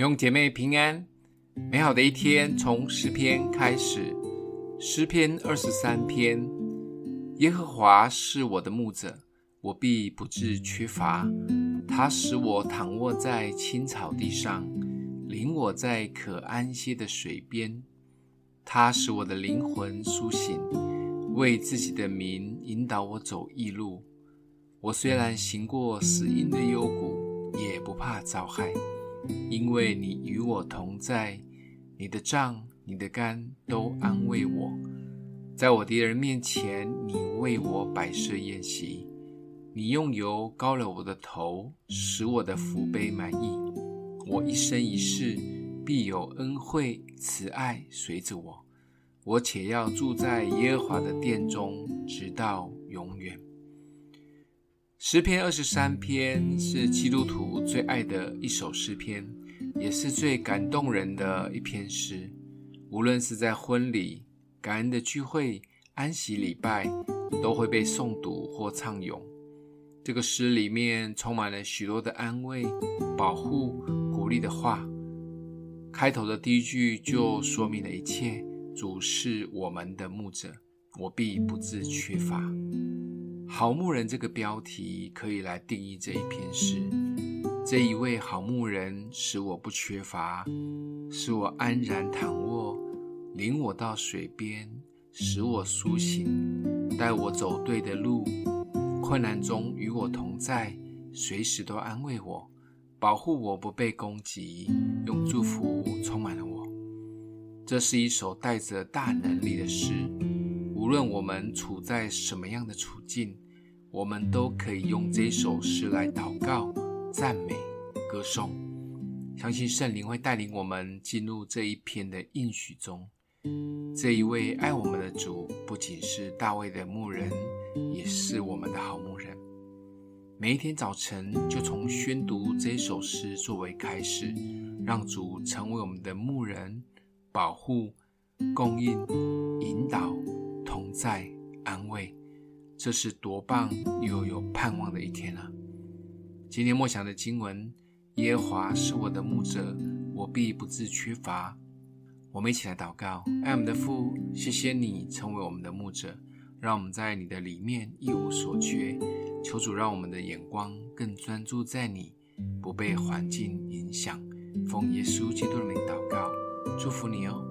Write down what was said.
弟兄姐妹平安，美好的一天從詩篇開始。詩篇二十三篇：耶和華是我的牧者，我必不至缺乏。他使我躺臥在青草地上，領我在可安歇的水邊。他使我的靈魂甦醒，為自己的名引導我走義路。我雖然行過死蔭的幽谷，也不怕遭害。因為你與我同在，你的杖、你的竿都安慰我。在我敵人面前，你為我擺設筵席，你用油膏了我的頭，使我的福杯滿溢。我一生一世必有恩惠慈愛隨着我，我且要住在耶和華的殿中，直到永遠。詩篇二十三篇是基督徒最愛的一首詩篇，也是最感動人的一篇詩。無論是在婚禮、感恩的聚會、安息禮拜，都會被誦讀或唱詠。這個詩裡面充滿了許多的安慰、保護、鼓勵的話。開頭的第一句就說明了一切：主是我們的牧者，我必不至缺乏。好牧人這個標題可以來定義這一篇詩。這一位好牧人使我不缺乏，使我安然躺臥，領我到水邊，使我甦醒，帶我走對的路，困難中與我同在，隨時都安慰我，保護我不被攻擊，用祝福充滿了我。這是一首帶着大能力的詩。無論我們處在什麼樣的處境，我們都可以用這首詩來禱告、讚美、歌頌。相信聖靈會帶領我們進入這一篇的應許中。這一位愛我們的主，不僅是大衛的牧人，也是我們的好牧人。每一天早晨，就從宣讀這首詩作為開始，讓主成為我們的牧人，保護、供應、引導、同在、安慰。這是多棒又有，有盼望的一天啊！今天默想的經文：耶和華是我的牧者，我必不至缺乏。我們一起來禱告：愛我們的父，謝謝你成為我們的牧者，讓我們在你的裡面一無所缺。求主讓我們的眼光更專注在你，不被環境影響。奉耶穌基督的名禱告，祝福你哦。